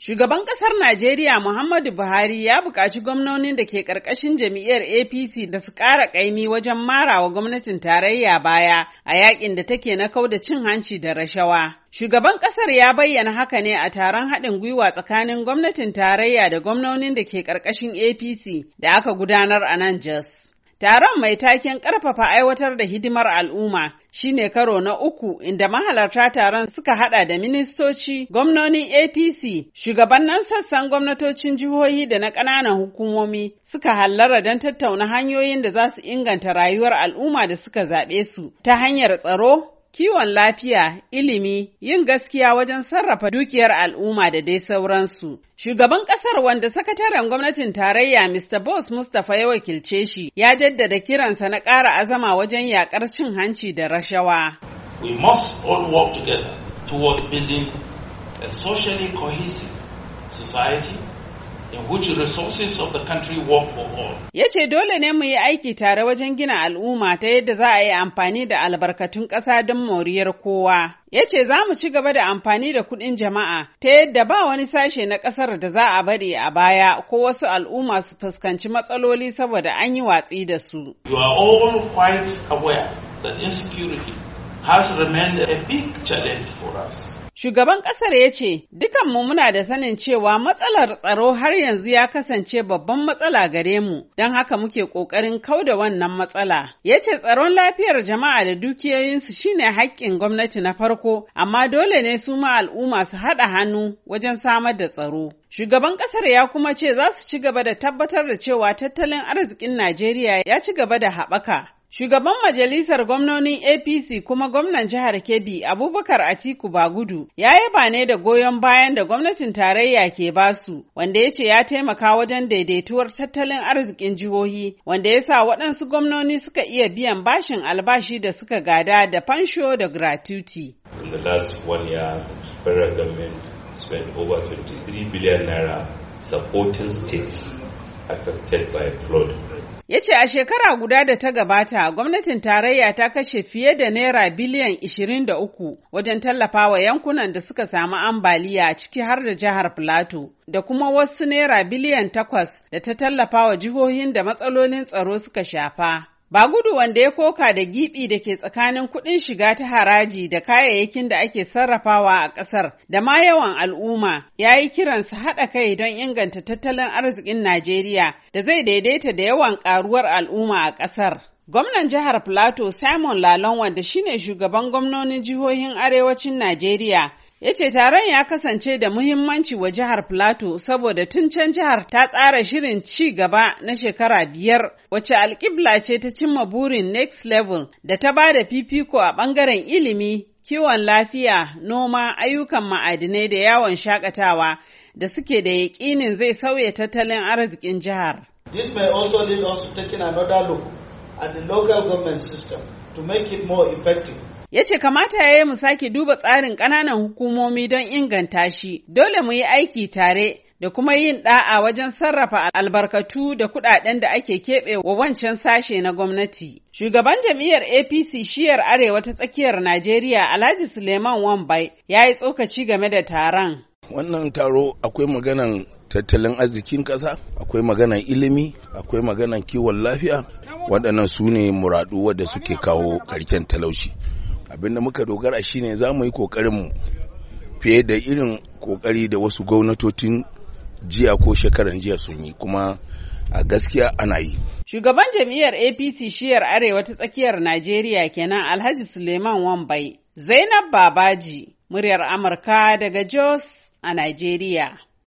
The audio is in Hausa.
Shugaban ƙasar Najeriya Muhammadu Buhari ya buƙaci gwamnonin da ke ƙarƙashin jam'iyyar APC da su ƙara ƙaimi wajen marawa gwamnatin tarayya baya a yaƙin da take na kau da cin hanci da rashawa. Shugaban ƙasar ya bayyana haka ne a taron haɗin gwiwa tsakanin gwamnatin tarayya da gwamnonin da ke ƙarƙashin APC da aka gudanar a nan Jos. Taron mai taken ƙarfafa aiwatar da hidimar al'umma shine karo na uku inda mahalarta taron suka hada da ministoci, gwamnonin APC, shugabannin sassan gwamnatocin jihohi da na ƙananan hukumomi suka hallara don tattauna hanyoyin da za su inganta rayuwar al'umma da suka zaɓe su ta hanyar tsaro, kiwon lafiya, ilimi, yin gaskiya wajen sarrafa dukiyar al'umma da dai sauransu. Shugaban ƙasar wanda sakataren gwamnatin tarayya Mr. Boss Mustapha ya wakilce shi ya jaddada kiransa na ƙara azama wajen yaƙar cin hanci da rashawa. We must all work together towards building a socially cohesive society in which resources of the country work for all. Ya ce dole ne mu yi aiki tare wajen gina al'umma ta yadda za a yi amfani da albarkatun ƙasa don moriyar kowa. Ya ce za mu ci gaba da amfani da kuɗin jama'a ta yadda ba wani sashe na ƙasar da za a bari a baya ko wasu al'umma su fuskanci matsaloli saboda an yi watsi da su. You are all quite aware that insecurity has remained a big challenge for us. Shugaban ƙasar ya ce, Dukanmu muna da sanin cewa matsalar tsaro har yanzu ya kasance babban matsala gare mu, don haka muke ƙoƙarin kauda wannan matsala. Ya ce tsaron lafiyar jama'a da dukiyoyinsu shine haƙƙin gwamnati na farko, amma dole ne su ma al'umma su haɗa hannu wajen samar da tsaro. Shugaban ƙasar ya kuma ce za su ci gaba da tabbatar da cewa tattalin arzikin Najeriya ya ci gaba da haɓaka. Shugaban Majalisar Gwamnonin APC kuma gwamnan jihar Kebbi Abubakar Atiku Bagudu ya yaba ne da goyon bayan da gwamnatin tarayya ke basu wanda ya ce ya taimaka wajen daidaituwar tattalin arzikin jihohi wanda ya sa waɗansu gwamnoni suka iya biyan bashin albashi da suka gada da fansho da gratuity. In the last one year, federal government spent over 23 billion supporting states affected by flood. ya ce a shekara guda da ta gabata gwamnatin tarayya ta kashe fiye da naira biliyan 23 wajen tallafa wa yankunan da suka samu ambaliya ciki har da jihar Filato da kuma wasu naira biliyan 8 da ta tallafa wa jihohin da matsalolin tsaro suka shafa. Ba gudu wanda ya koka da gibi da ke tsakanin kuɗin shiga ta haraji da kayayyakin da ake sarrafawa a ƙasar da ma yawan al'umma ya yi kiran su haɗa kai don inganta tattalin arzikin Najeriya da zai daidaita da yawan ƙaruwar al'umma a ƙasar. Gwamnan jihar Plateau Simon Lalon wanda shine shugaban gwamnonin jihohin arewacin Najeriya ya ce taron ya kasance da muhimmanci wa jihar plateau saboda tun can jihar ta tsara shirin ci gaba na shekara biyar wacce alkibla ce ta cimma burin next level da ta ba da fifiko a bangaren ilimi kiwon lafiya noma ayyukan ma'adinai da yawon shakatawa da suke da yaƙinin zai sauya tattalin arzikin jihar This may also lead us to taking another look at the local government system to make it more effective Ya ce kamata ya yi mu sake duba tsarin ƙananan hukumomi don inganta shi, dole mu yi aiki tare da kuma yin ɗa'a wajen sarrafa albarkatu da kuɗaɗen da ake keɓe wa wancan sashe na gwamnati. Shugaban jam'iyyar APC shiyar Arewa ta tsakiyar Najeriya Alhaji Suleiman Wambai ya yi tsokaci game da taron. Wannan taro akwai maganan tattalin arzikin ƙasa, akwai maganan ilimi, akwai maganan kiwon lafiya, waɗannan su ne muradu wadda suke kawo ƙarshen talauci. abin da muka dogara shine za mu yi mu fiye da irin kokari da wasu gwamnatocin jiya ko shekaran jiya sun yi kuma a gaskiya ana yi. Shugaban jam'iyyar APC shiyar Arewa ta tsakiyar Najeriya kenan Alhaji Suleiman Wambai, Zainab Babaji, muryar Amurka daga Jos a Najeriya.